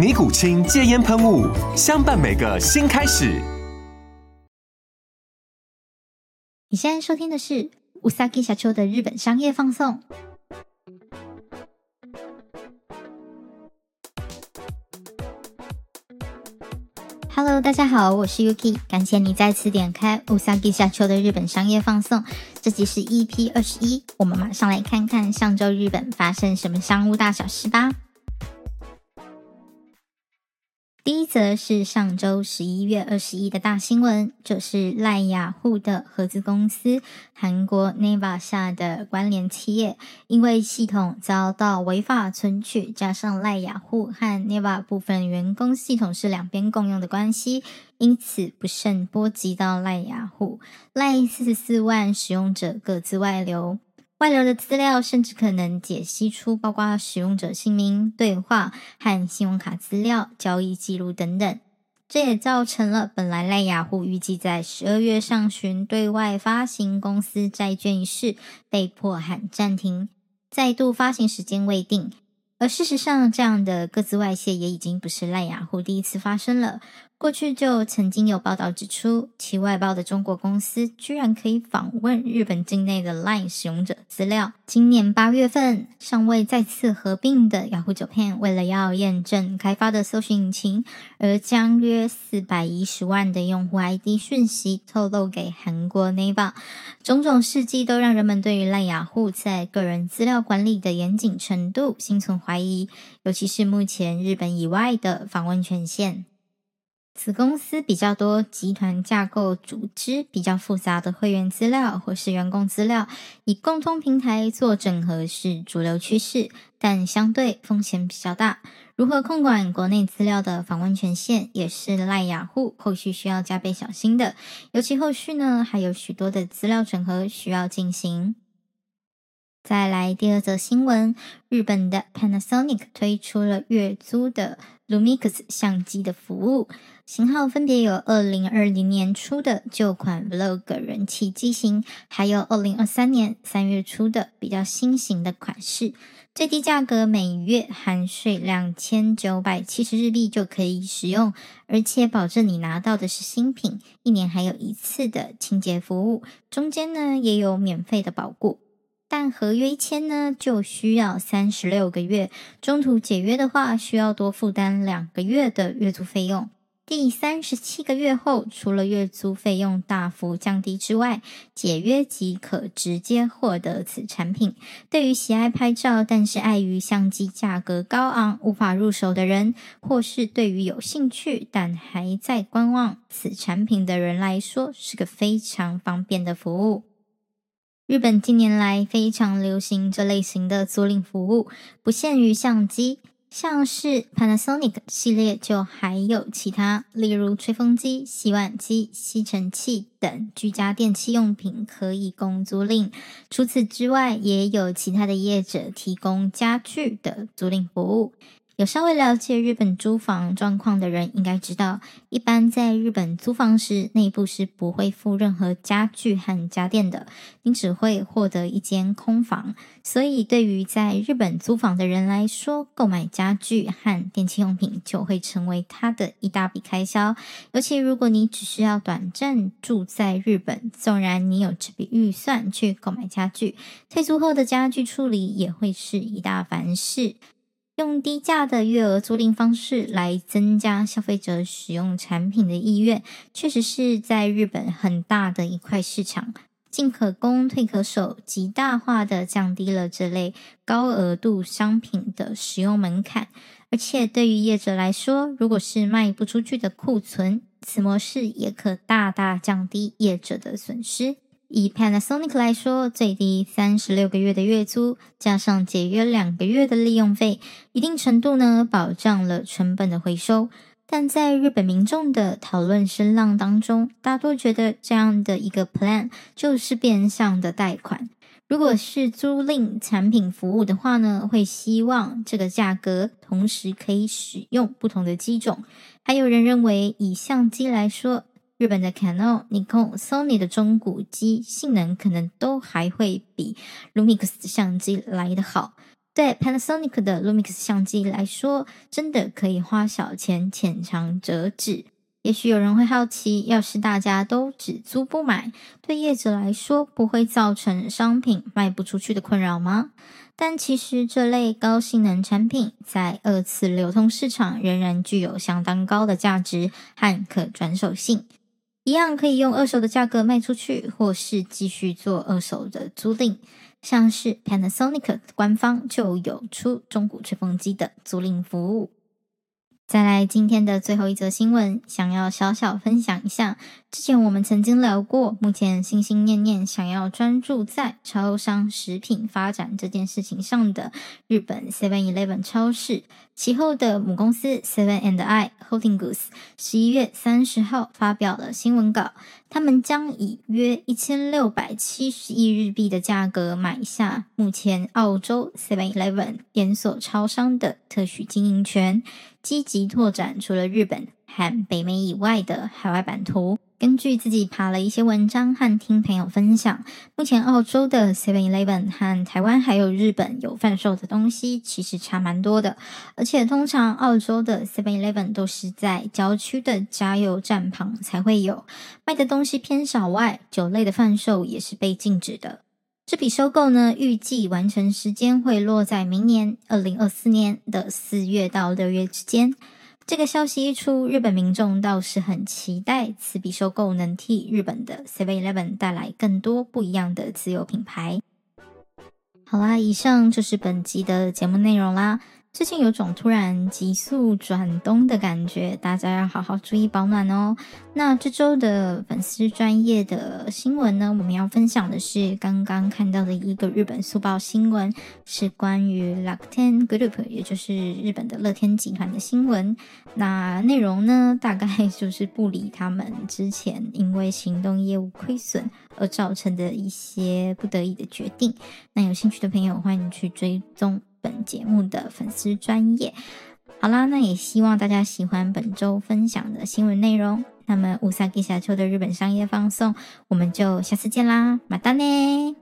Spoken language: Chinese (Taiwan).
尼古清戒菸噴霧，相伴每個新開始。你現在收聽的是《烏薩基社長》的日本商業放送。Hello，大家好，我是 Yuki，感謝你再次點開《烏薩基社長》的日本商業放送。這集是 EP 二十一，我們馬上來看看上周日本發生什麼商務大小事吧。則是上周十一月二十一的大新聞，這是賴雅虎的合資公司，韓國 Naver 下的關聯企業，因為系統遭到違法存取，加上賴雅虎和 Naver 部分員工系統是兩邊共用的關係，因此不慎波及到賴雅虎，賴四十四萬使用者個資外流。外流的資料甚至可能解析出包括使用者姓名、對話和信用卡資料、交易記錄等等，這也造成了本來賴雅虎預計在十二月上旬對外發行公司債券一事被迫喊暫停，再度發行時間未定。而事實上，這樣的個資外泄也已經不是賴雅虎第一次發生了。過去就曾經有報道指出，其外包的中國公司居然可以訪問日本境內的 LINE 使用者資料。今年八月份，尚未再次合併的雅虎 Japan 為了要驗證開發的搜尋引擎，而將約四百一十萬的用戶 ID 訊息透露給韓國 Naver。種種事蹟都讓人們對於 LINE 雅虎在個人資料管理的嚴謹程度心存懷疑，尤其是目前日本以外的訪問權限。子公司比較多，集團架構組織比較複雜的會員資料或是員工資料，以共通平台做整合是主流趨勢，但相對風險比較大。如何控管國內資料的訪問權限，也是 LINE ヤフー後續需要加倍小心的。尤其後續呢，還有許多的資料整合需要進行。再來第二則新聞，日本的 Panasonic 推出了月租的 Lumix 相機的服務，型號分別有二零二零年初的舊款 Vlog 人氣機型，還有二零二三年三月初的比較新型的款式。最低價格每月含稅兩千九百七十日幣就可以使用，而且保證你拿到的是新品，一年還有一次的清潔服務，中間呢也有免費的保固。但合約一簽呢，就需要三十六個月。中途解約的話，需要多負擔兩個月的月租費用。第三十七個月後，除了月租費用大幅降低之外，解約即可直接獲得此產品。對於喜愛拍照但是礙於相機價格高昂無法入手的人，或是對於有興趣但還在觀望此產品的人來說，是個非常方便的服務。日本近年來非常流行這類型的租賃服務，不限於相機，像是 Panasonic 系列，就還有其他，例如吹風機、洗碗機、吸塵器等居家電器用品可以供租賃。除此之外，也有其他的業者提供家具的租賃服務。有稍微了解日本租房狀況的人應該知道，一般在日本租房時，內部是不會附任何家具和家電的，你只會獲得一間空房。所以，對於在日本租房的人來說，購買家具和電器用品就會成為他的一大筆開銷。尤其如果你只需要短暫住在日本，縱然你有這筆預算去購買家具，退租後的家具處理也會是一大煩事。用低價的月額租賃方式來增加消費者使用產品的意願，確實是在日本很大的一塊市場。進可攻，退可守，極大化的降低了這類高額度商品的使用門檻。而且對於業者來說，如果是賣不出去的庫存，此模式也可大大降低業者的損失。以 Panasonic 來說，最低三十六個月的月租，加上節約兩個月的利用費，一定程度呢，保障了成本的回收。但在日本民眾的討論聲浪當中，大多覺得這樣的一個 plan 就是變相的貸款。如果是租賃產品服務的話呢，會希望這個價格同時可以使用不同的機種。還有人認為，以相機來說。日本的 Canon、Nikon、Sony 的中古機性能可能都還會比 Lumix 相機來得好。對 Panasonic 的 Lumix 相機來說，真的可以花小錢淺嘗輒止。也許有人會好奇，要是大家都只租不買，對業者來說不會造成商品賣不出去的困擾嗎？但其實這類高性能產品在二次流通市場仍然具有相當高的價值和可轉手性。一樣可以用二手的價格賣出去，或是繼續做二手的租賃。像是 Panasonic 官方就有出中古吹風機的租賃服務。再來今天的最後一則新聞，想要小小分享一下。之前我們曾經聊過，目前心心念念想要專注在超商食品發展這件事情上的日本 Seven Eleven 超市，其後的母公司 Seven and I Holdings Goose 十一月三十號發表了新聞稿，他們將以約一千六百七十億日幣的價格買下目前澳洲 Seven Eleven 連鎖超商的特許經營權。積極拓展，除了日本和北美以外的海外版圖。根據自己爬了一些文章和聽朋友分享，目前澳洲的 Seven Eleven 和台灣還有日本有販售的東西其實差蠻多的。而且通常澳洲的 Seven Eleven 都是在郊區的加油站旁才會有，賣的東西偏少外，酒類的販售也是被禁止的。這筆收購呢，預計完成時間會落在明年二零二四年的四月到六月之間。這個消息一出，日本民眾倒是很期待此筆收購能替日本的 Seven Eleven 帶來更多不一樣的自有品牌。好啦，以上就是本集的節目內容啦。最近有種突然急速轉冬的感覺，大家要好好注意保暖哦。那這周的粉絲專頁的新聞呢，我們要分享的是剛剛看到的一個日本速報新聞，是關於 Rakuten Group，也就是日本的樂天集團的新聞。那內容呢，大概就是不理他們之前因為行動業務虧損而造成的一些不得已的決定。那有興趣的朋友歡迎去追蹤。本節目的粉絲專頁，好啦，那也希望大家喜歡本周分享的新聞內容。那麼，うさぎ社長的日本商業放送，我們就下次見啦，またね。